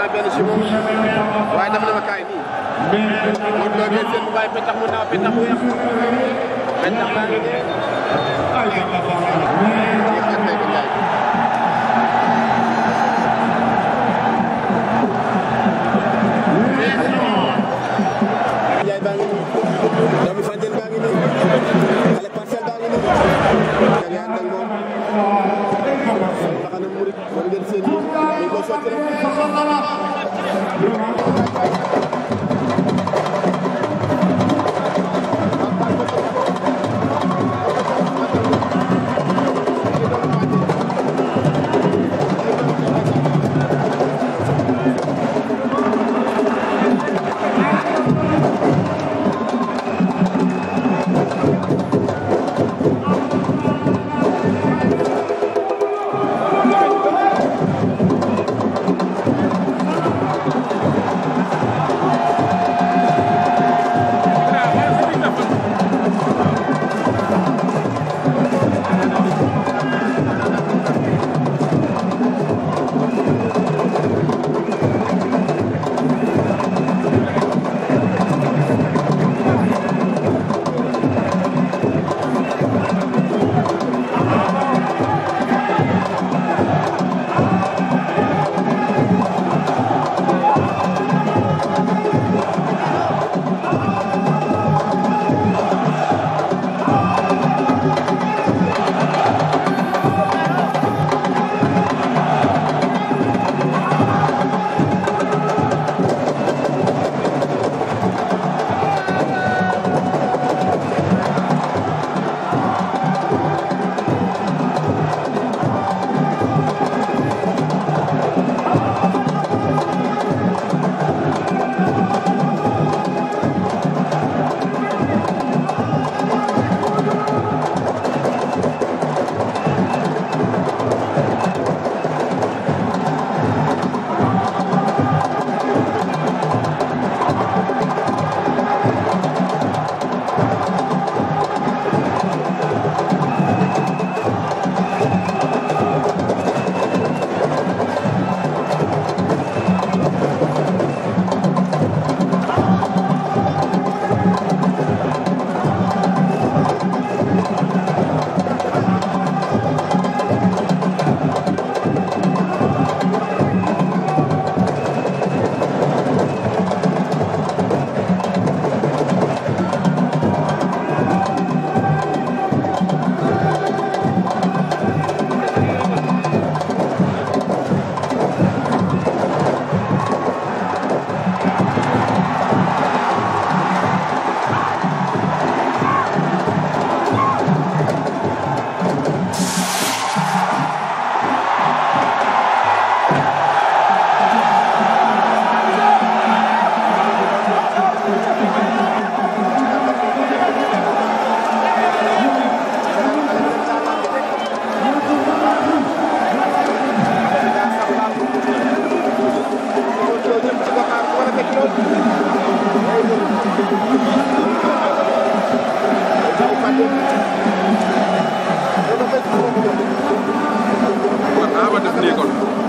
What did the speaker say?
temps benn si moom waaye dama ne ma kaay nii moom loo gën seen bàyyi petax mu naaw petax mu yàq petax laa ngi dee nekkoon